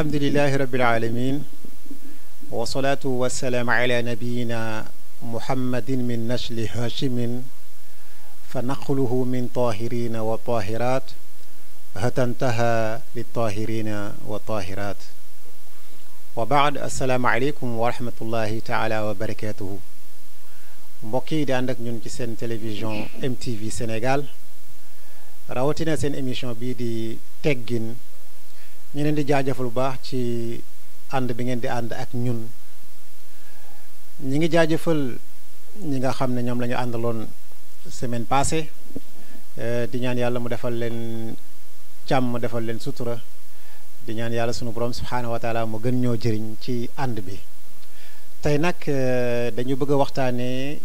alhamdulilahi rabbil alamin wa salaatu wa salaam ala nabiyina muhammadin min nasli haashimin fa naqluhu min taahirina wa taahiraat hatantaha li taahirina wa taahiraat wa baad assalaamu aleykum wa rahmatullahi taala wa barakatuhu mbokk yi di ànd ak ñun ci seen télévision MTV Sénégal rawatina seen émission bii di teggin ñu leen di jaajëfal bu baax ci ànd bi ngeen di ànd ak ñun ñi ngi jaajëfal ñi nga xam ne ñoom la ñu àndaloon semaine passée eh, di ñaan yàlla mu defal leen càmm defal leen sutura di ñaan yàlla sunu borom subhaanahu wa taala mu gën ñoo jëriñ ci ànd bi tey nag eh, dañu bëgg a waxtaanee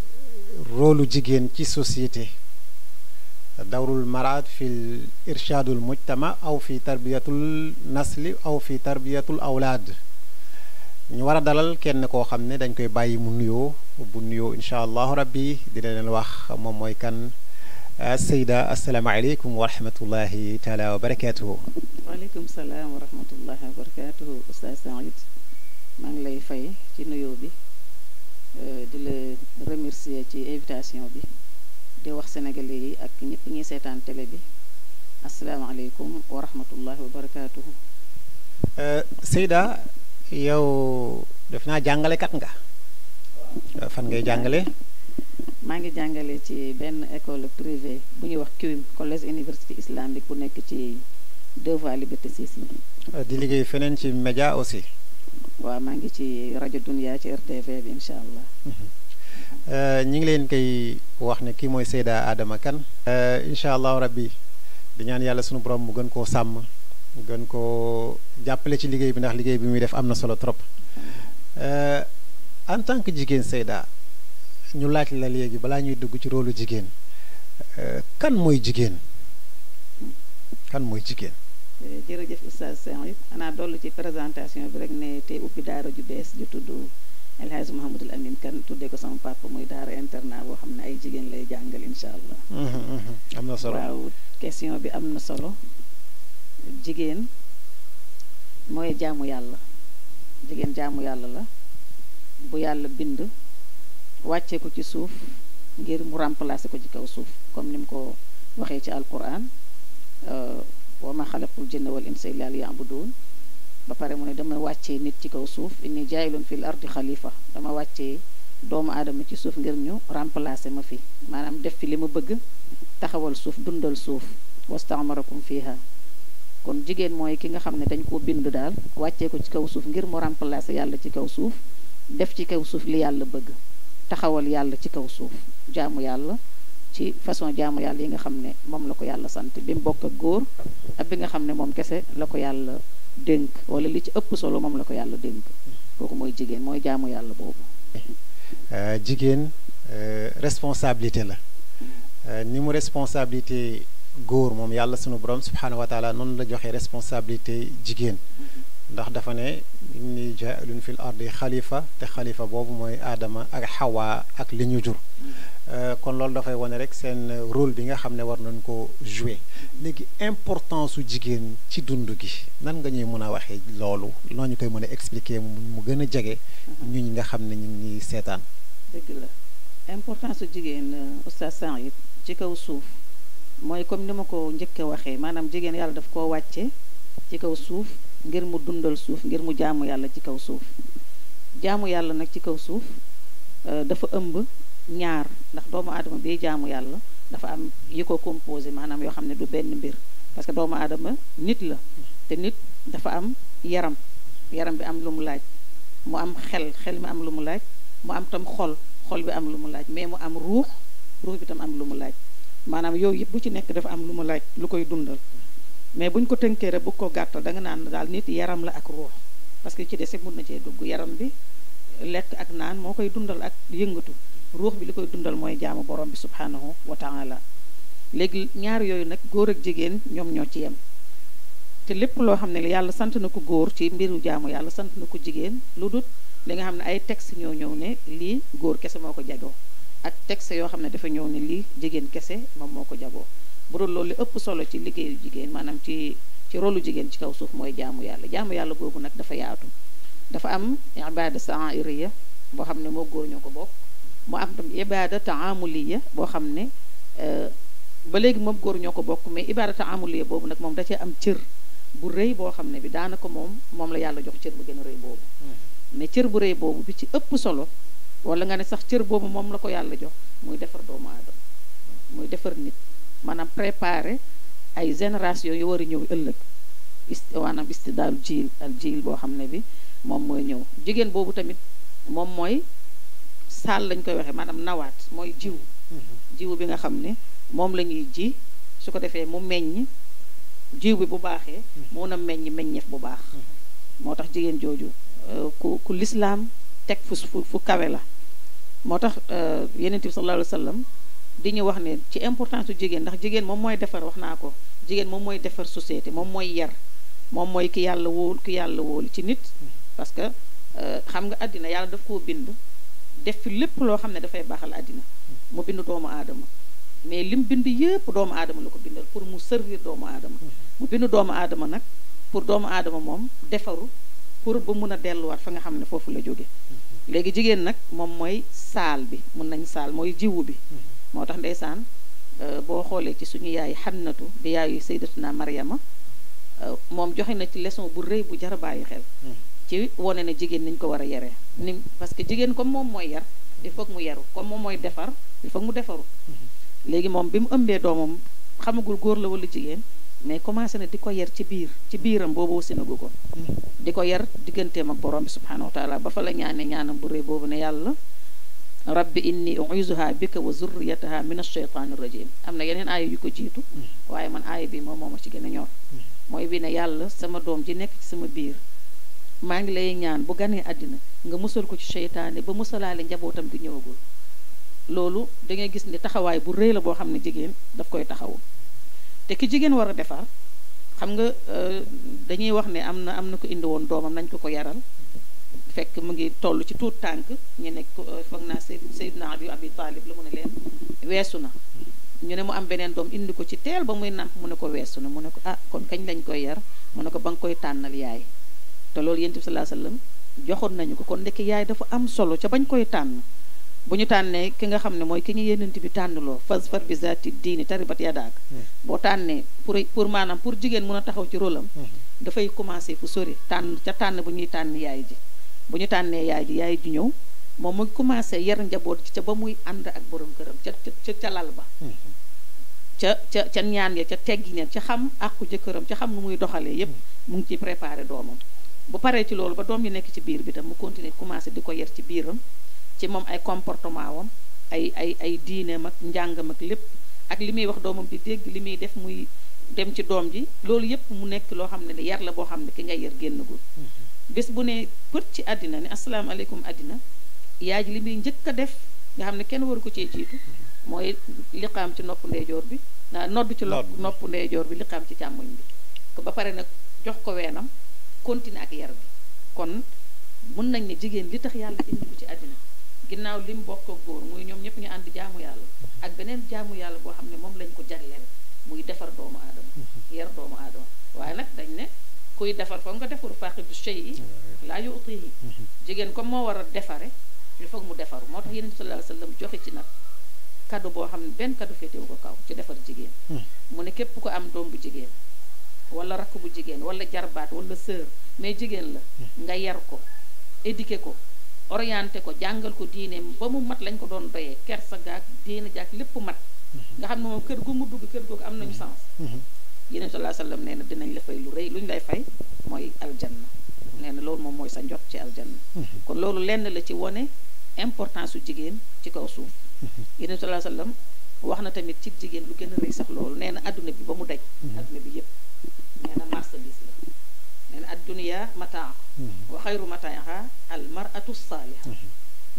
rôle lu jigéen ci société. dawrul maraad fi irshaadul mujtama aw fi tarbiyatul nasli aw fi tarbiyatul awlaad ñu war a dalal kenn koo xam ne dañ koy bàyyi mu nuyoo bu nuyoo incha allahu rabbi dina leen wax moom mooy kan eh, Seyda asalaamaaleykum wa rahmatullahi taala wa barakaatuhu. waaleykum salaam wa rahmatullahi wa barakaatuhu Oustaz Saïd maa lay fay ci nuyoo bi eh, di la remercier ci invitation bi. di wax sénégalais yi ak ñëpp ñuy seetaan télé bi asalaamaaleykum wa rahmatullahi wa barakaatuhu. Euh, Seyda yow def naa jàngalekat nga. Euh, fan ngay jàngale. maa ngi jàngale ci benn école privée bu ñuy wax CUIM collège université islamique bu nekk ci deux voies liberté six euh, di liggéey feneen ci média aussi. waaw maa ngi ci rajo Dunia ci RTV bi incha allah. Mhm. Euh, ñi ngi leen koy wax ne kii mooy Seyda Adama Kane euh, incha allahu rabbi di ñaan yàlla sunu borom mu gën koo sàmm gën koo jàppale ci liggéey bi ndax liggéey bi muy def am na solo trop euh, en tant que jigéen Seyda ñu laaj la léegi balaa ñuy dugg ci roolu jigéen kan mooy jigéen kan mooy jigéen jërëjëf oustaz yi xanaa dollu ci présentation bi rek ne te ubbi daara ju bees ju tudd El Hadj Mouhamadul Amin kan tuddee ko sama papa muy daara internat boo xam ne ay jigéen lay jàngal incha allah. Mm-hmm, mm-hmm. am solo waaw question bi am na solo. jigéen mooy jaamu yàlla jigéen jaamu yàlla la bu yàlla bind wàccee ko ci suuf ngir mu remplacer ko ci kaw suuf comme ni mu ko waxee ci alquran euh, wa ma xalaqul jënd wal insa illa liya'budun ba pare mu ne dama wàccee nit ci kaw suuf inni jaayilun fil ardi xalifa dama wàccee doomu aadama ci suuf ngir ñu remplacer ma fi maanaam def fi li ma bëgg taxawal suuf dundal suuf wastamarakum fiha kon jigéen mooy ki nga xam ne dañ ko bind daal wàccee ko ci kaw suuf ngir mu remplacer yàlla ci kaw suuf def ci kaw suuf li yàlla bëgg taxawal yàlla ci kaw suuf jaamu yàlla ci façon jaamu yàlla yi nga xam ne moom la ko yàlla sant bi mu bokk ak góor bi nga xam ne moom kese la ko yàlla dénk wala li ci ëpp solo moom la ko yàlla dénk kooku mooy jigéen mooy jaamu yàlla boobu euh, jigéen euh, responsabilité la euh, ni mu responsabilité góor moom yàlla sunu borom subhaanahu wa noonu la joxe responsabilité jigéen ndax dafa ne inni fi fil ardi xalifa te xalifa boobu mooy aadama ak xawaa ak li ñu jur Euh, kon loolu dafay wane rek seen euh, rôle bi nga xam ne war nañ ko jouer léegi important su jigéen ci dund gi nan nga ñuy mun a waxee loolu loo ñu koy mën a expliquer mu gën a jege ñu ñi nga xam ne ñu ngi seetaan dëgg la importance su jigéen euh, oustaz Sanghib ci kaw suuf mooy comme ni ma ko njëkk waxee maanaam jigéen yàlla daf koo wàcce ci kaw suuf ngir mu dundal suuf ngir mu jaamu yàlla ci kaw suuf jaamu yàlla nag ci kaw suuf dafa ëmb ñaar ndax doomu aadama bi jaamu yàlla dafa am yi ko composé maanaam yoo xam ne du benn mbir parce que doomu aadama nit la te nit dafa am yaram yaram bi am lu mu laaj mu am xel xel mi am lu mu laaj mu am tam xol xol bi am lu mu laaj mais mu am ruux ruux bi tam am lu mu laaj maanaam yooyu yëpp bu ci nekk dafa am lu mu laaj lu koy dundal mais bu ñu ko tënkee rek bu ko gàttal da nga naan daal nit yaram la ak ruux parce que ci dese mun na cee dugg yaram bi lekk ak naan moo koy dundal ak yëngatu ruux bi li koy dundal mooy jaamu borom bi subhaanahu wa la léegi ñaar yooyu nag góor ak jigéen ñoom ñoo ci yem te lépp loo xam ne yàlla sant na ko góor ci mbiru jaamu yàlla sant na ko jigéen lu dut li nga xam ne ay texte ñoo ñëw ne lii góor kese moo ko jagoo ak texte yoo xam ne dafa ñëw ne lii jigéen kese moom moo ko jagoo bu dul loolu li ëpp solo ci liggéeyu jigéen maanaam ci ci rolu jigéen ci kaw suuf mooy jaamu yàlla jaamu yàlla googu nag dafa yaatu dafa am ibaada sa'iriya boo xam ne moo góor ñoo ko bokk mu am tam ibaada taamuliya boo xam ne euh, ba léegi moom góor ñoo ko bokk mais ibaada taamuliya boobu nag moom da cee am cër bu rëy boo xam ne bi daanaka moom moom la yàlla jox cër bu gën a rëy boobu mm-hmm. mais cër bu rëy boobu bi ci ëpp solo wala nga ne sax cër boobu moom la ko yàlla jox muy defar doomu aadama muy defar nit maanaam préparer ay génération yu war a ñëw ëllëg ist maanaam istidaalu jiil al jiil boo xam ne bi moom mooy ñëw jigéen boobu tamit moom mooy saal lañ koy waxee maanaam nawaat mooy jiw mm-hmm. jiw bi nga xam ne moom la ñuy ji su ko defee mu meññ jiw bi bu baaxee mm-hmm. mun a meññ meññeef bu baax mm-hmm. moo tax jigéen jooju euh, ku ku lislaam teg fu fu kawe la moo tax euh, yeneen bi sallallahu alayhi di ñu wax ne ci importance su jigéen ndax jigéen moom mooy defar wax naa ko jigéen moom mooy defar société moom mooy yar moom mooy ki yàlla wóol ki yàlla wóol ci nit parce que euh, xam nga àddina yàlla daf koo bind def fi lépp loo xam ne dafay baaxal àddina mu bind doomu aadama mais lim bind yëpp doomu aadama la ko bindal pour mu servir doomu aadama mm-hmm. mu bind doomu aadama nag pour doomu aadama moom defaru pour ba mun a delluwaat fa nga xam ne foofu la jóge mm-hmm. léegi jigéen nag moom mooy saal bi mun nañ saal mooy jiwu bi mm-hmm. moo tax ndeysaan euh, boo xoolee ci suñu yaay xannatu di yaayu sayyidatuna Maryama euh, moom joxe na ci leçon bu rëy bu jar a bàyyi xel ci wone na jigéen niñ ko war a yaree ni parce que jigéen comme moom mooy yar di faut mu yaru comme moom mooy defar il faut mu defaru mhm. léegi moom bi mu ëmbee doomam xamagul góor la wala jigéen mais commencé na di ko yar ci biir ci biiram boobu sinagu ko mhm. di ko yar digganteem ak borom bi subhaanahu wa taala ba fa la ñaane ñaanam bu rëy boobu ne yàlla rabbi inni uizuha bika wa zurriyataha min asheytaani rajim am na yeneen aaya yu ko jiitu mhm. waaye man aaya bi moom moo ma ci gën a ñor mooy bi ne yàlla sama doom ji nekk sama biir maa ngi lay ñaan bu ganee àddina nga musal ko ci seytaane ba musalaale njabootam gi ñëwagul loolu da ngay gis ni taxawaay bu rëy la boo xam ne jigéen daf koy taxawu te ki jigéen war a defar xam nga euh, dañuy wax ne am na am na ko indi woon doomam nañ ko ko yaral fekk mu ngi toll ci tuut tànk ñu ne euh, foog naa Seydina Ali Abi Taalib la mu ne leen weesu na ñu ne mu am beneen doom indi ko ci teel ba muy nàmp mu ne ko weesu na mu ne ko ah kon kañ lañ koy yar mu ne ko ba nga koy tànnal yaay te loolu yonent bi sallallahu alayhi wasallam joxoon nañu ko kon ndekki yaay dafa am solo ca bañ koy tànn bu ñu tànnee ki nga xam ne mooy ki ñu yonent bi tànnloo fas far bi zaati diini taribat yadaak hmm. boo tànnee pour pour maanaam pour jigéen mun a taxaw ci rolam hmm. dafay commencer fu sori tànn ca tànn bu ñuy tànn yaay ji bu ñu tànnee yaay ji yaay ji ñëw moom mu commencé yar njaboot ci ca ba muy ànd ak boroom këram ca ca ca lal ba hmm. ca ca ca ñaan ya ca teggin ya ca xam àqu jëkkëram ca xam nu muy doxalee yépp mu ngi ciy préparé doomam bu paree ci loolu ba doom yi nekk ci biir bi tam mu continuer commencé di ko yar ci biiram ci moom ay comportement wam ay ay ay diineem ak njàngam ak lépp ak li muy wax doomam di dégg li muy def muy dem ci doom ji loolu yépp mu nekk loo xam ne ne yar la boo xam ne ki ngay génn génnagul mm-hmm. bés bu ne pët ci àddina ne asalaamaaleykum àddina yaay ji li muy njëkk a def nga xam ne kenn waru ko ci jiitu mm-hmm. mooy liqaam ci nopp ndeyjoor bi nodd ci nopp ndeyjoor bi liqaam ci càmmoñ bi ba pare nag jox ko weenam continuer ak yar bi kon mun nañ ne jigéen li tax yàlla indi ko ci àddina ginnaaw lim bokk ak góor muy ñoom ñëpp ñu ànd jaamu yàlla ak beneen jaamu yàlla boo xam ne moom lañ ko jagleel muy defar doomu aadama yar doomu aadama waaye nag dañ ne kuy defar foog nga defar faaxi du shay yi laa yu uti yi jigéen comme moo war a defare il foog mu defaru moo tax yéen sallallahu alayhi wasallam joxe ci nag kaddu boo xam ne benn kado féetewu ko kaw ci defar jigéen hmm. mu ne képp ku am doom bu jigéen wala rakk bu jigéen wala jarbaat wala sœur mais jigéen la nga yar ko éduquer ko orienté ko jàngal ko diine ba mu mat lañ ko doon doyee kersa gaag diine jaag lépp mat nga xam ne moom kër gu mu dugg kër googu am nañu mhm. sens mhm. yeneen sa alayhi wa sallam nee na dinañ la fay lu rëy lu lay fay mooy aljanna mhm. nee na loolu moom mooy sa njot ci aljanna kon loolu lenn la ci wone importance su jigéen ci kaw suuf yeneen sallallahu alayhi wa sallam wax na tamit ci jigéen lu gën a rëy sax loolu nee na adduna bi ba mu daj adduna bi yépp a na marchandise la nee na addunia mataa hmm. wa xayru mataaha al maratu saaliha hmm.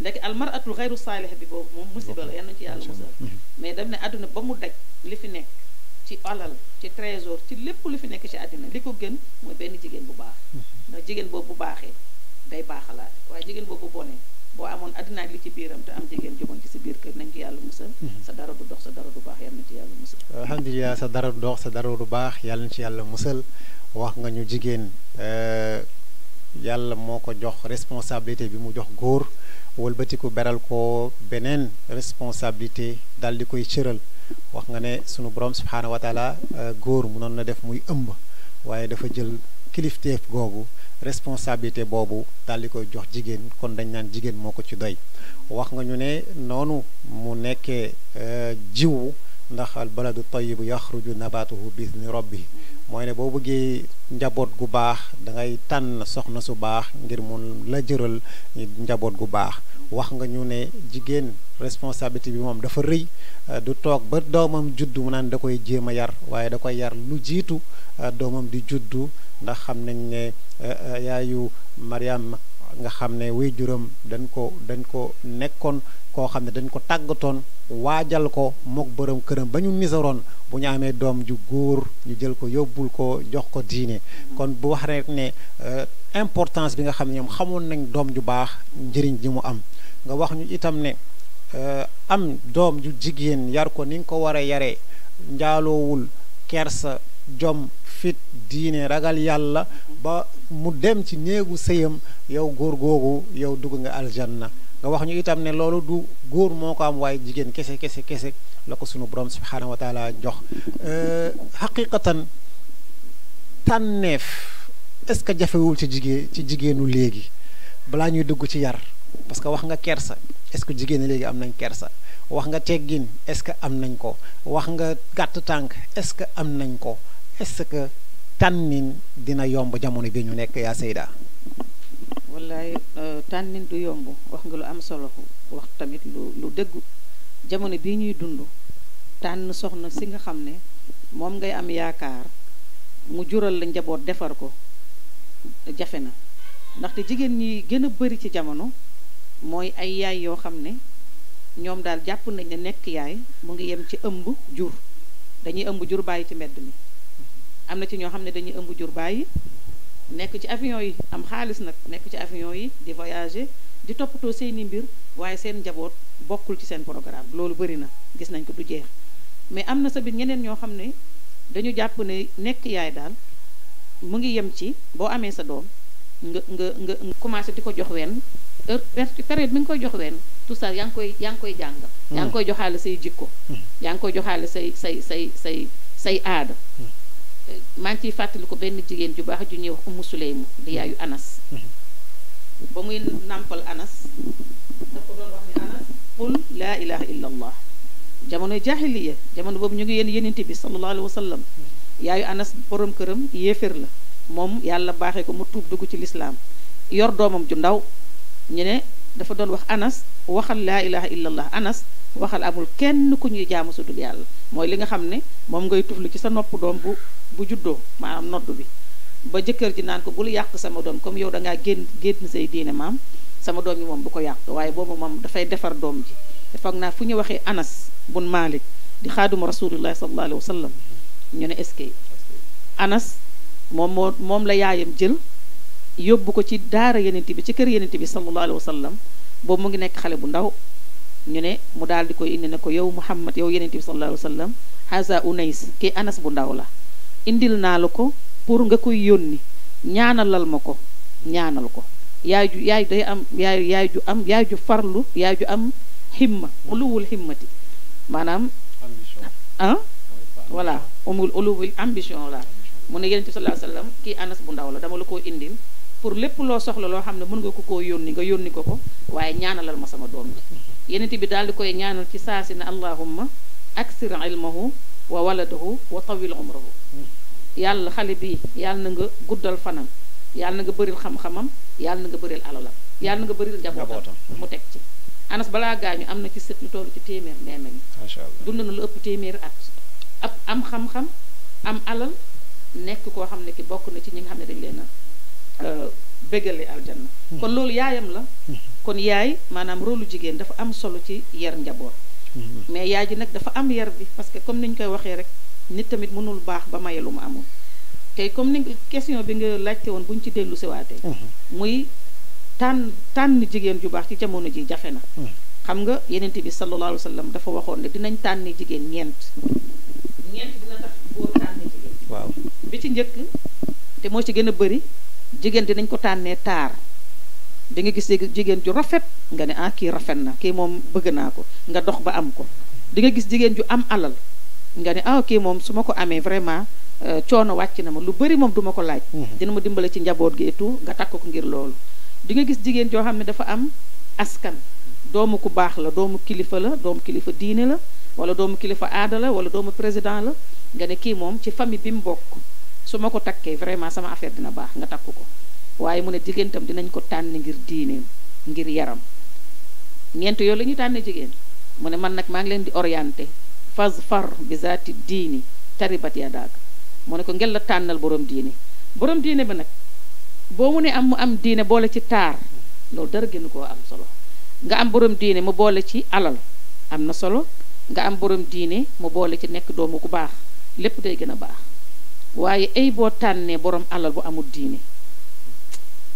ndek al maratul xayru saaliha bi boobu moom musiba la ci yàlla musal hmm. mais daf ne àdduna ba mu daj li fi nekk ci alal ci trésor ci lépp lu fi nekk ci àddina li ko gën mooy benn jigéen bu baax ndax jigéen boobu bu baaxee day baaxalaat waaye jigéen boobu bu bonee boo amoon àddina ak li ci biiram te am jigéen jëmoon ci sa biir kër nañ ci yàlla musal mhm. sa dara du dox sa dara du baax yàlla na ci yàlla musal wax nga ñu jigéen euh, yàlla moo ko jox responsabilité bi mu jox góor walbatiku beral ko beneen responsabilité dal di koy cëral wax nga ne sunu borom subhaanahu wa taala euh, góor munoon na def muy ëmb waaye dafa jël kilifteef googu responsabilité boobu daal di koy jox jigéen kon dañ naan jigéen moo ko ci doy wax nga ñu ne noonu mu nekkee euh, jiwu ndax al baladu tayibu yaxruju nabatuhu bi ni rabbi mooy ne boo bëggee njaboot gu baax da tànn soxna su baax ngir mun la jëral njaboot gu baax wax nga ñu ne jigéen responsabilité bi moom dafa rëy euh, du toog ba doomam juddu mu naan da koy jéem a yar waaye da koy yar lu jiitu euh, doomam di juddu ndax xam nañ ne eh, eh, yaayu Mariam nga xam ne wuy juróom dañ ko dañ ko nekkoon koo xam ne dañ ko tàggatoon waajal ko mook boroom këram ba ñu nisaroon bu ñu amee doom ju góor ñu jël ko yóbbul ko jox ko diine mm-hmm. kon bu wax rek ne eh, importance bi nga xam ne ñoom xamoon nañ doom ju baax njëriñ ji mu am nga wax ñu itam ne am doom ju jigéen yar ko niñ ko war yare njaaloowul kersa jom diine ragal yàlla ba mu dem ci néegu sëyam yow góor googu yow dugg nga aljanna nga wax ñu itam ne loolu du góor moo ko am waaye jigéen kese kese kese la ko sunu borom subhaanahu wa taala jox xaqiqatan euh, tànneef est-ce que jafewul ci jigéen ci jigéenu léegi balaa ñuy dugg ci yar parce que wax nga kersa est-ce que jigéen léegi am nañ kersa wax nga teggin est-ce que am nañ ko wax nga gàtt tànk est-ce que am nañ ko est tànnin dina yomb jamono bii ñu nekk yaa Seyda wallaay euh, tànnin du yomb wax nga lu am solo wax tamit lu lu dëggu jamono bii ñuy dund tànn soxna si nga xam ne moom ngay am yaakaar mu jural la njaboot defar ko jafe na ndaxte jigéen ñi gën a bari ci jamono mooy ay yaay yoo xam ne ñoom daal jàpp nañ ne nekk yaay mu ngi yem ci ëmb jur dañuy ëmb jur bàyyi ci mbedd mi am na ci ñoo xam ne dañuy ëmb jur bàyyi nekk ci avion yi am xaalis nag nekk ci avion yi di voyager di toppatoo seeni mbir waaye seen njaboot bokkul ci seen programme loolu bëri na gis nañ ko du jeex mais am na sa biir ñeneen ñoo xam ne dañu jàpp ne nekk yaay daal mu ngi yem ci boo amee sa doom nga nga nga commencé di ko jox wenn heure période bi nga koy jox wenn tout yaa ngi koy yaa koy jàngal. Hmm. yaa ngi koy joxaale say jikko. Hmm. yaa ngi koy joxaale say say say say say aada. Hmm. maa ngi ciy fàttali ko benn jigéen ju baax ju ñuy wax Umu Suleymu di yaayu Anas ba muy nàmpal Anas dafa doon wax ni Anas laa ilaha illa allah jamono jamono boobu ñu ngi yéen yenente bi sallallahu alayhi wa sallam yaayu Anas borom këram yéefér la moom yàlla baaxe ko mu tuub dugg ci lislaam yor doomam ju ndaw ñu ne dafa doon wax Anas waxal laa ilaha illa allah Anas waxal amul kenn ku ñuy jaamu sudul yàlla mooy li nga xam ne moom ngay tuflu ci sa nopp doom bu bu juddoo maanaam noddu bi ba jëkkër ji naan ko bul yàq sama doom comme yow dangaa génn génn say diine maam sama doom yi moom bu ko yàq waaye boobu moom dafay defar doom ji te foog naa fu ñu waxee anas bun malik di xaaduma rasulillah sallallahu alayhi wa sallam ñu ne eskay anas moom moo moom la yaayam jël yóbbu ko ci daara yenente bi ci kër yenente bi sallallahu alayhi wa sallam boobu mu ngi nekk xale bu ndaw ñu ne mu daal di koy indi ne ko yow muhammad yow yenente bi sallallahu alayhi wa sallam haza unays kii anas bu ndaw la indil naa la ko pour nga koy yónni ñaanalal ma ko ñaanal ko yaay ju yaay day am yaay yaay ju am yaay ju farlu yaay ju am himma uluwul himmati maanaam ah voilà umul uluwul ambition la mu ne yonent bi sallallahu alayhi wasallam kii anas bu ndaw la dama la koo indil pour lépp loo soxla loo xam ne mën nga ko koo yónni nga yónni ko ko waaye ñaanalal ma sama doom ji yonent bi daal di koy ñaanal ci saa si ne allahumma aksir ilmahu wa waladahu wa tawil umrahu hmm. yàlla xale bi yàlla na nga guddal fanam yàlla na nga bëril xam-xamam yàlla na nga bëril alalam yàlla na nga bëril njabootam mu teg ci anas balaa gaañu am na ci sët ñu toll ci téeméer nee nañu dund na lu ëpp téeméeri at ab am xam-xam am alal nekk koo xam ne ki bokk na ci ñi nga xam ne dañ leena a euh, bégale aljanna hmm. kon loolu yaayam la hmm. kon yaay maanaam rôlu jigéen dafa am solo ci yar njaboot hmm. mais yaay ji nag dafa am yar bi parce que comme ni ñu koy waxee rek nit tamit mënul baax ba maye lu ma amul tey comme ni question bi nga laajte woon bu ñu ci dellu siwaatee mhm. muy tànn tànn jigéen ju baax ci jamono ji jafe na mhm. xam nga yeneenti bi sallallahu alayhi wa sallam dafa waxoon ne dinañ tànn jigéen ñeent ñeent dina tax góor tànn jigéen waaw bi ci njëkk te moo ci gën a bari jigéen dinañ ko tànnee taar di nga gis jigéen ju rafet nga ne ah kii rafet na kii moom bëgg naa ko nga dox ba am ko di nga gis jigéen ju am alal nga ne ah ok moom su ma ko amee vraiment euh, coono wàcc na ma lu bëri moom duma ko laaj. Mhm. dina ma dimbale ci njaboot gi et nga takk ko ngir loolu. dinga gis jigéen joo xam ne dafa am askan. doomu ku baax la doomu kilifa la doomu kilifa diine la wala doomu kilifa aada la wala doomu président la nga ne kii moom ci famille bi mu bokk su ma ko takkee vraiment sama affaire dina baax nga takk ko waaye mu ne jigéen dinañ ko tànn ngir diineem ngir yaram ñeent yooyu la ñuy tànn jigéen mu ne man nag maa ngi leen di orienté fazfar bi zaati diini taribat yadaaka moo ne ko ngel la tànnal boroom diini boroom diine bi nag boo mu ne am mu am diine boole ci taar loolu dara génn koo am solo nga am borom diine mu boole ci alal am na solo nga am borom diine mu boole ci nekk doomu ku baax lépp day gën a baax waaye ay boo tànnee borom alal bu amul diini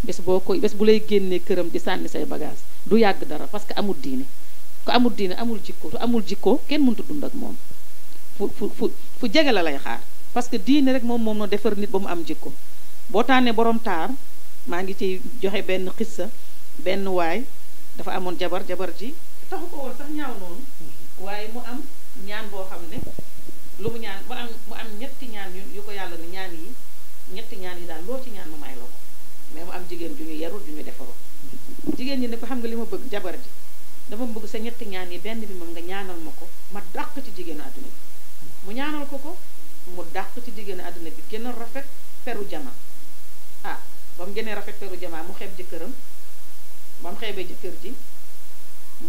bés boo koy bés bu lay génnee këram di sànni say bagage du yàgg dara parce que amul diine ku amul diine amul jikko su amul jikko kenn mënut a dund ak moom fu fu fu jege la lay xaar parce que diine rek moom moom na defar nit ba mu am jikko boo tànnee borom taar maa ngi ci joxe benn xissa benn waay dafa amoon jabar jabar ji taxu ko woon sax ñaaw waaye mu am ñaan boo xam ne lu mu ñaan am mu ñaan yu ko yàlla ni ñaan yi ñetti ñaan yi daal loo ci ñaan mu may la jigéen ju ñu yarul ju ñu defarul jigéen ñi ne ko xam nga li ma bëgg jabar ji dama bëgg sa ñetti ñaan yi benn bi moom nga ñaanal ma ko ma dàq ci jigéenu àdduna bi mu ñaanal ko ko mu dàq ci jigéenu àdduna bi gën rafet peru jama ah ba mu gënee rafet peru jama mu xeeb jëkkëram ba mu xeebee jëkkër ji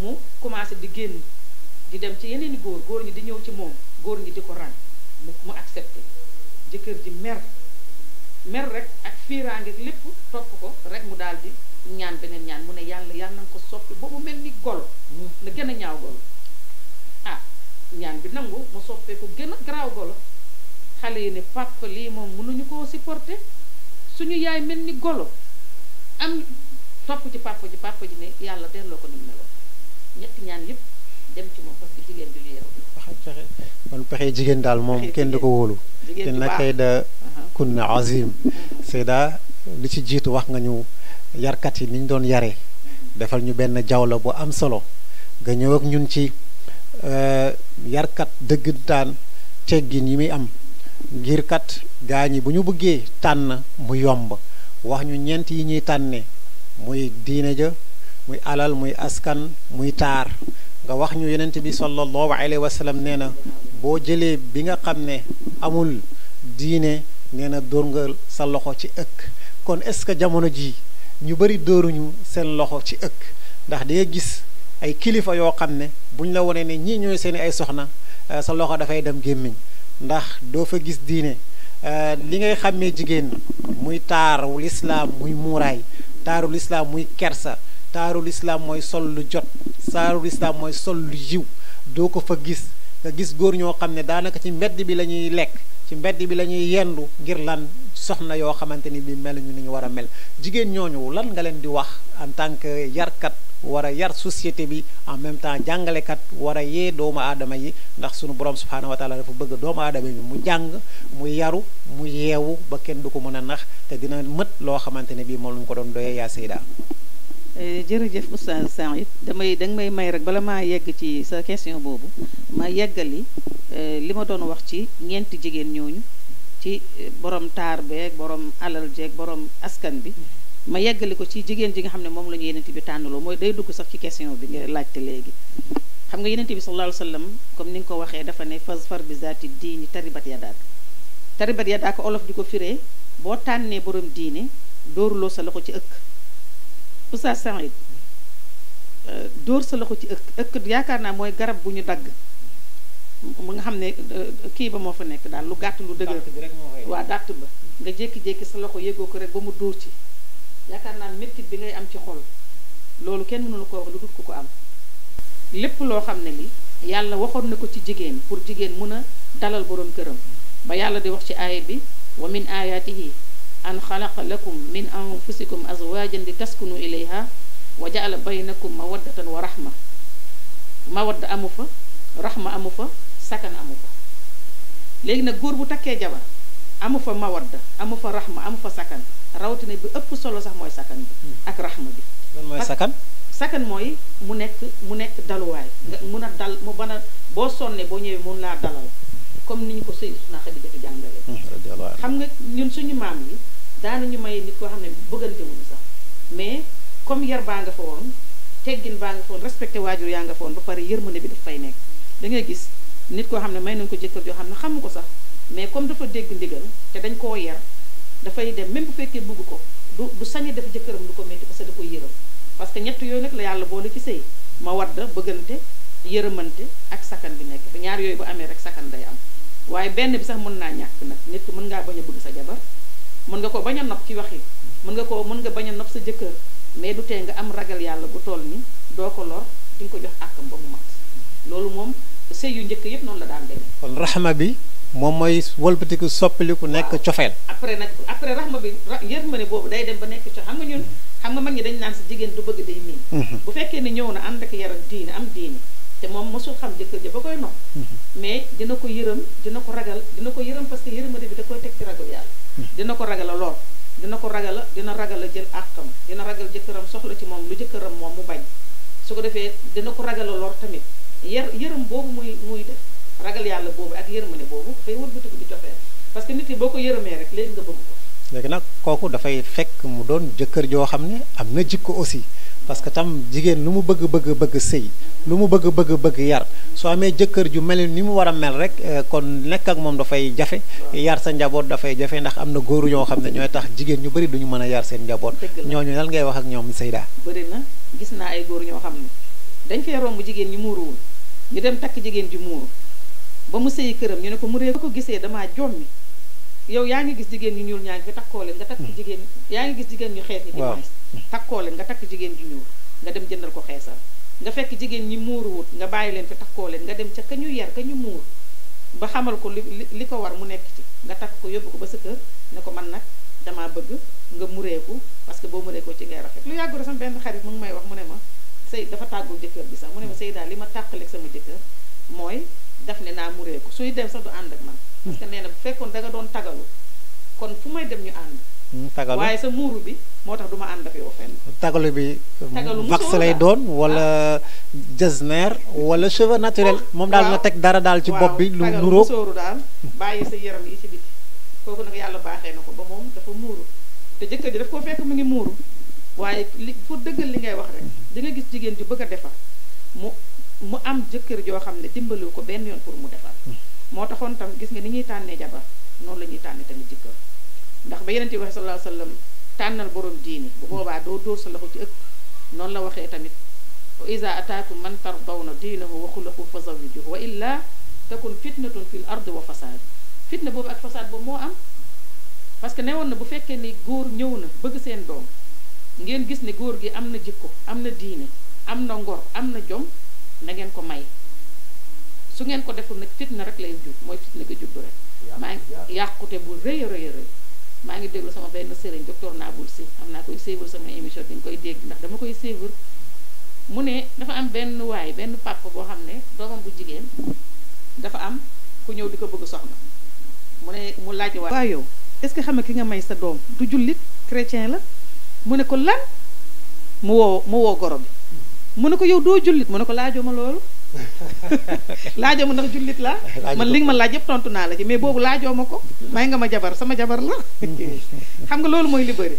mu commencé di génn di dem ci yeneen i góor góor ñi di ñëw ci moom góor ñi di ko ràng mu mu accepté jëkkër ji mer mer rek ak fiiraange lépp topp ko rek mu daal ñaan beneen ñaan mu ne yàlla yàlla na ko soppi ba mu mel ni golo hmm. na gën a ñaaw golo ah ñaan bi nangu mu soppeeku gën a garaaw golo xale yi ne papa lii moom ko koo supporter suñu yaay mel ni golo am topp ci papa ji papa ji ne yàlla delloo ko ni meloon ñetti ñaan yëpp dem ci moom parce que jigéen bi lu yeewu kon pexe jigéen daal moom kenn du ko wóolu te na kay da uh-huh. kun azim c'est uh-huh. li ci jiitu wax nga ñu yarkat yi niñ doon yaree defal ñu benn jawla bu am solo nga ñëw ñun ci euh, yarkat dëggantaan teggin yi muy am ngir kat gaa ñi bu ñu bëggee tànn mu yomb wax ñu ñeent yi ñuy tànne muy diine ja muy alal muy askan muy taar nga wax ñu yonent bi sallallahu alayhi wa sallam nee na boo jëlee bi nga xam ne amul diine nee na dóor nga sa loxo ci ëkk kon est-ce que jamono jii ñu bari dóoruñu seen loxo ci ëkk ndax di nga gis ay kilifa yoo xam ne buñ la wonee ne ñii ñooy seeni ay soxna euh, sa loxo dafay dem gémmiñ ndax doo fa gis diine euh, li ngay xàmmee jigéen muy taaru lislaam muy muuraay taaru lislaam muy kersa taaru lislaam mooy sol lu jot taaru lislaam mooy sol lu yiw doo ko fa gis nga gis góor ñoo xam ne daanaka ci mbedd bi la ñuy lekk ci mbedd bi la ñuy yendu ngir lan soxna yoo xamante ni bi mel ñu ni ñu war a mel jigéen ñooñu lan nga leen di wax en tant que yarkat war a yar société bi en même temps jàngalekat war a yee doomu aadama yi ndax sunu borom subhaanahu wa taala dafa bëgg doomu aadama yi mu jàng mu yaru mu yeewu ba kenn du ko mën a nax te dina mët loo xamante ne bii moom lu ko doon doyee yaa Seyda. Euh, jërëjëf Oustaz Saïd damay danga may may rek bala maa yegg ci sa question boobu ma yeggali euh, li ma doon wax ci ñeenti jigéen ñooñu. ci borom taar beeg borom alal jeeg borom askan bi ma yeggali ko ci jigéen ji nga xam ne moom la ñu yenente bi tànnaloo mooy day dugg sax ci question bi nga laajte léegi xam nga yenente bi sallallahu alayhi wasallam comme ni nga ko waxee dafa ne fas far bi zaati diini taribat yadaak taribat yadaak olof di ko firee boo tànnee borom diine dóoruloo sa loxo ci ëkk Oustaz Saïd euh, dóor sa loxo ci ëkk ëkk yaakaar naa mooy garab bu ñu dagg ba nga xam ne euh, kii ba moo fa nekk daal lu gàtt lu dëgër waa dàtt ba nga jékki-jékki sa loxo yëgoo ko rek ba mu dóor ci yaakaar naan méttit bi ngay am ci xol loolu kenn mënu la ko wax lu dut ku ko am lépp loo xam ne li yàlla waxoon na ko ci jigéen pour jigéen mun a dalal boroom këram ba yàlla di wax ci aaya bi wa min ayatihi an xalaqa lakum min anfusikum azwajan li taskunu ilayha wa jaala baynakum mawaddatan wa rahma mawadda amu fa rahma amu fa sakkan amu fa léegi nag góor bu takkee jabar amu fa mawadda amu fa raxma amu fa sakan rawatina bi ëpp solo sax mooy sakkan bi hmm. ak raxma bi lan mooy sakkan sakkan mooy mu nekk mu nekk daluwaay nga mun a dal mu ban a boo sonnee boo ñëwee mun laa dalal comme ni ñu ko sëy suna xadi jëti jàngale hmm, xam nga ñun suñu maam yi ñu may nit koo xam ne bëggante wuñu sax mais comme yar baa nga fa woon teggin baa nga fa woon respecté waajur yaa nga fa woon ba pare yërmande bi daf fay nekk nit koo xam ne may nañ ko jëkkër joo xam ne xamu ko sax mais comme dafa dégg ndigal te dañ koo yar dafay dem même bu fekkee bugg ko du du sañe def jëkkëram lu ko métti parce que da koy parce que ñett yooyu nag la yàlla boole ci sëy ma wadda bëggante yërëmante ak sakkan bi nekk ñaar yooyu bu amee rek sakkan day am waaye benn bi sax mën naa ñàkk nag nit ko mën ngaa bañ a bëgg sa jabar mën nga ko bañ a nopp ci wax yi mën nga ko mën nga bañ a nopp sa jëkkër mais du tee nga am ragal yàlla bu toll nii doo ko lor di nga ko jox àkkam ba mu mat loolu moom sëy yu njëkk yëpp noonu la daan demee. kon raxma bi moom mooy wëlbatiku soppaliku nekk cofeel. après nag après raxma bi ne boobu day dem ba nekk cofeel xam nga ñun xam nga mag ñi dañ naan si jigéen du bëgg day miin. Mhm. bu fekkee ne ñëw na ànd ak yaram diine am diine. te moom mosul xam jëkkër ja ba koy nopp mhm. mais dina ko yërëm dina ko ragal dina ko yërëm parce que yërëmande bi da koy teg ci ragal yàlla mhm. dina ko ragal a lor dina ko ragal a dina ragal a jël àqam dina ragal jëkkëram soxla ci moom lu jëkkëram moom mu bañ su ko defee dina ko ragal a lor tamit yar yërëm boobu muy muy def ragal yàlla boobu ak yërmande boobu parce que nit ki boo ko yërëmee rek léegi nga bëgg ko. léegi nag kooku dafay fekk mu doon jëkkër joo xam ne am na jikko aussi parce que tam jigéen lu mu bëgg bëgg bëgg sëy lu mu bëgg bëgg bëgg yar soo amee jëkkër ju mel ni mu war a mel rek eh, kon nekk ak moom dafay jafe yar sa njaboot dafay jafe ndax am na góor ñoo xam ne ñooy tax jigéen ñu bëri du ñu mën a yar seen njaboot ñooñu lan ngay wax ak ñoom Seyda ñoo xam ne dañ jigéen ñi muuruwul ñu dem takk jigéen ji muuru ba mu sëyi këram ñu ne ko mu réer ko gisee damaa jommi yow yaa ngi gis jigéen ñu ñuul ñaa ngi fi takkoo leen nga takk hmm. jigéen yaa ngi gis jigéen ñu xees ñi di mais takkoo leen nga takk jigéen ji ñuul nga dem jëndal ko xeesal nga fekk jigéen ñi muuruwut nga bàyyi leen fi takkoo leen nga dem ca ka ñu yar ka ñu muur ba xamal ko li li ko war mu nekk ci nga takk ko yóbbu ko ba sa kër ne ko man nag damaa bëgg nga mureeku parce que boo mureekoo ci ngay rafet lu yàggu sama benn xarit mu ngi may wax mu ne ma sëy dafa tàggoo jëkkër bi sax mu ne ma sëy daal li ma tàqaleeg sama jëkkër mooy daf ne naa muree ko suy dem sax du ànd ak man parce que nee na bu fekkoon da nga doon tagalu kon fu may dem ñu ànd hmm, tagalu waaye sa muuru bi moo tax du ànd ak yow fenn tagalu bi vax lay doon wala ah. jasner wala cheveux naturel moom daal na teg dara daal ci bopp bi lu nuróo sóoru daal bàyyi sa yaram yi ci biti kooku nag yàlla baaxee na ko ba moom dafa muuru te jëkkër ji daf koo fekk mu ngi muuru waaye li pour dëggal li ngay wax rek di gis jigéen ju bëgg a defar mu mu am jëkkër joo xam ne dimbaliwu ko benn yoon pour mu defar hmm. moo taxoon tam gis nga ni ñuy tànnee jabar noonu la ñuy tànnee tamit jëkkër ndax ba yeneen ci wax sa alayhi wa sallam tànnal borom diini bu boobaa doo dóor sa loxo ci ëkk noonu la waxee tamit isa ataakum man tardawna diinahu wa xuluqahu fa zawwijuhu wa illa takun fitnatun fil ard wa fasaad fitna boobu ak fasaad boobu moo am parce que newoon na bu fekkee ni góor ñëw na bëgg seen doom ngeen gis ne góor gi am na jikko am na diine am na ngor am na jom na ngeen ko may su ngeen ko deful nag fitna rek lay jur mooy fitna gi juddu rek maa ngi yàqute bu rëy a rëy maa ngi déglu sama benn sëriñ docteur Naboul si am naa koy suivre sama émission bi nga koy dégg ndax dama koy suivre mu ne dafa am benn waay benn papa boo xam ne doomam bu jigéen dafa am ku ñëw di ko bëgg soxna mu ne mu laaj waay yow est-ce que xam nga ki nga may sa doom du jullit chrétien la mu ne ko lan mu woo mu woo goro bi mu ne ko yow doo jullit mu ne ko laajoo ma loolu laajoo ma ndax jullit laa man li nga ma laaj yëpp tontu naa la ci mais boobu laajoo ma ko may nga ma jabar sama jabar la xam nga loolu mooy li bëri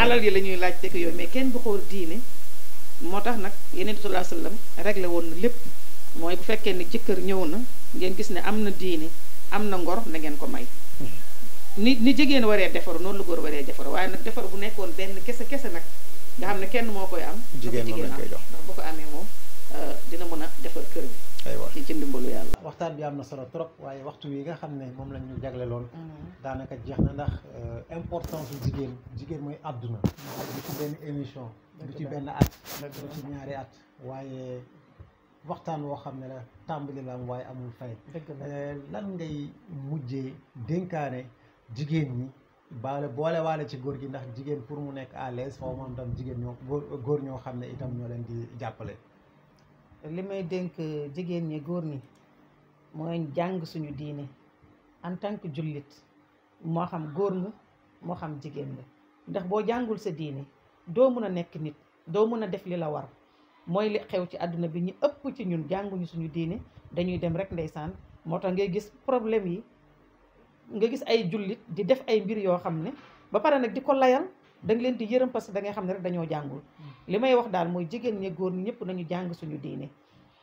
alal yi la ñuy laaj tekk yooyu mais kenn du xool diine moo tax nag yeneen bi sallallahu alayhi wa woon na lépp mooy bu fekkee ne jëkkër ñëw na ngeen gis ne am na diine am na ngor na ngeen ko may ni ni jigéen waree defaru noonu la góor waree defaru waaye nag defaru bu nekkoon benn kese kese nag nga xam ne kenn moo koy am. jigéen moom lañ amee moom euh, dina mën a defar kër gi. ci ndimbalu yàlla. waxtaan bi am na solo trop waaye waxtu wi nga xam ne moom lañ ñu jagleloon. Mm-hmm. daanaka jeex na ndax euh, importance su jigéen jigéen mooy àdduna. émission. du ci benn at. du ci ñaari at. waaye waxtaan woo xam ne la tàmbali la am waaye amul fay. Euh, lan ngay mujjee dénkaane. jigéen ñi baale boole waale ci góor gi ndax jigéen pour mu nekk à l'aise foofu moom tam jigéen ñoo góor ñoo xam ne itam ñoo leen di jàppale li may dénk jigéen ñi góor ñi mooy jàng suñu diini en tant que jullit moo xam góor nga moo xam jigéen nga ndax boo jàngul sa diine doo mën a nekk nit doo mën a def li la war mooy li xew ci àdduna bi ñu ëpp ci ñun jànguñu suñu diini dañuy dem rek ndeysaan moo tax ngay gis problème yi nga gis ay jullit di def ay mbir yoo xam ne ba pare nag di ko layal da leen di yërëm parce que da xam ne rek dañoo jàngul mm. li may wax daal mooy jigéen ñi góor ñi ñëpp nañu jàng suñu diine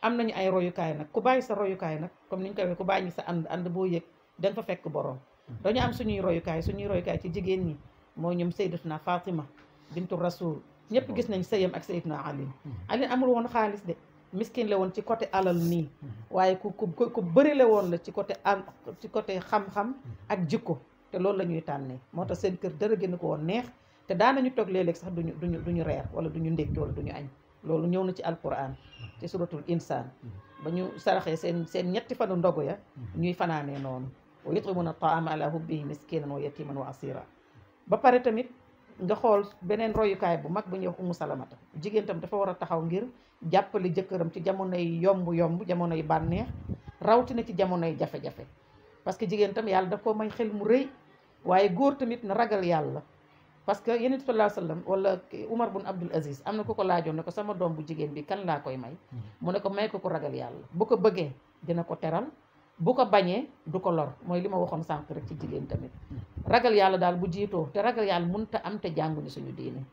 am nañu ay royukaay nag ku bàyyi sa royukaay nag comme ni ñu ko waxee ku bàyyi sa ànd ànd boo yëg dañ nga fa fekk borom mm. dañu am suñuy royukaay suñuy royukaay ci jigéen ñi mooy ñoom sayyidatuna Fatima bintu Rasul ñëpp gis nañ sëyam ak sayyidna Ali mm. Ali amul woon xaalis de miskin la woon ci côté alal nii mm-hmm. waaye ku ku ku bëri la woon la ci côté am ci côté xam-xam mm-hmm. ak jikko te loolu la ñuy tànnee moo tax seen kër dara génn ko woon neex te daanañu toog léeg-léeg sax duñu duñu duñu reer wala duñu ndékki du ñu añ loolu ñëw na ci alquran mm-hmm. ci suratul insaan ba ñu saraxee seen seen ñetti fanu ndogu ya ñuy fanaanee noonu wa yut'imuna taama ala hubbihi miskinan wa yatiman wa asira ba pare tamit nga xool beneen royukaay bu mag bu ñuy wax umu salamata jigéen tam dafa war a taxaw ngir jàppale jëkkëram ci jamonoy yomb-yomb jamonoy bànneex rawatina ci jamonoy jafe-jafe parce que jigéen tam yàlla daf koo may xel mu rëy waaye góor tamit na ragal yàlla parce que yeneen sallallahu alayhi wala Umar bun Abdul am na ku ko laajoon ne ko sama doom bu jigéen bi kan laa koy may mm-hmm. mu ne ko may ko ko ragal yàlla bu ko bëggee dina ko teral bu ko bañee du ko lor mooy li ma waxoon sànq rek ci jigéen tamit mm-hmm. ragal yàlla daal bu jiitoo te ragal yàlla mënta am te jànguñu suñu diine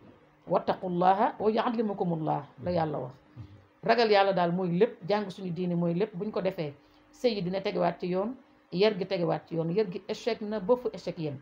wattaqullaha wa yuallimukumullah la ragal yàlla daal mooy lépp jàng suñu diine mooy lépp bu ñu ko defee sëy yi dina tegewaat ci yoon yar gi tegewaat ci yoon yar gi échec na ba fu échec yem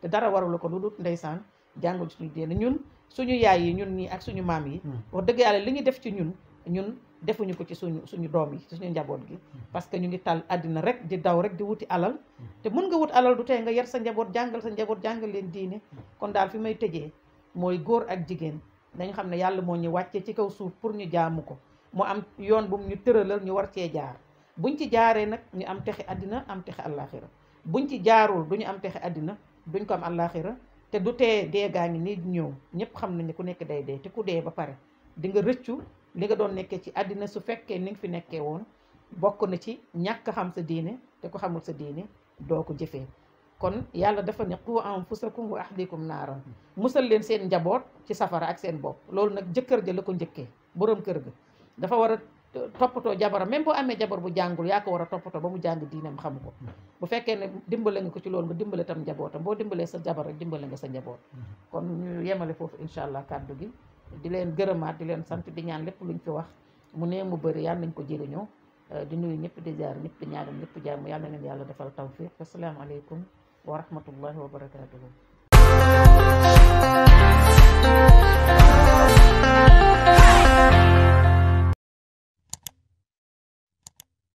te dara warula ko lu dul ndeysaan jàngu suñu diine ñun suñu yaay yi ñun ñii ak suñu maam yi hmm. wax dëgg yàlla li ñu def ci ñun ñun defuñu ko ci suñu suñu doom yi suñu njaboot gi hmm. parce que ñu ngi tal àddina rek di daw rek di wuti alal hmm. te mën nga wut alal du tey nga yar sa njaboot jàngal sa njaboot jàngal leen diine kon daal fi may tëjee mooy góor ak jigéen dañ xam ne yàlla moo ñu wàccee ci kaw suuf pour ñu jaamu ko mu am yoon bu ñu tëralal ñu war cee jaar bu ñu ci jaaree nag ñu am texe àddina am texe àllaaxira buñ ci jaarul du ñu am texe àddina duñ ko am àllaaxira te du tee dee gaa ngi nii ñëw ñëpp xam nañu ku nekk day dee te ku dee ba pare di nga rëccu li nga doon nekkee ci àddina su fekkee ni nga fi nekkee woon bokk na ci ñàkk xam sa diine te ko xamul sa diine doo ko jëfee kon yàlla dafa ne qu anfusakum wa ahlikum naaran musal leen seen njaboot ci safara ak seen bopp loolu nag jëkkër ja la ko njëkkee boroom kër gi dafa war a toppatoo jabaram même boo amee jabar bu jàngul yaa ko war a toppatoo ba mu jàng diinam xamu ko bu fekkee ne dimbale nga ko ci loolu nga dimbale tam njabootam boo dimbalee sa jabar rek dimbale nga sa njaboot kon ñu yemale foofu incha allah kàddu gi di leen gërëmaat di leen sant di ñaan lépp luñ fi wax mu nee mu bëri yàlla nañ ko jëriñoo di nuyu ñëpp di jaar ñëpp di ñëpp jàmm yàlla na yàlla defal tawfiq asalaamaaleykum wa rahmatullahi wa barakatuhu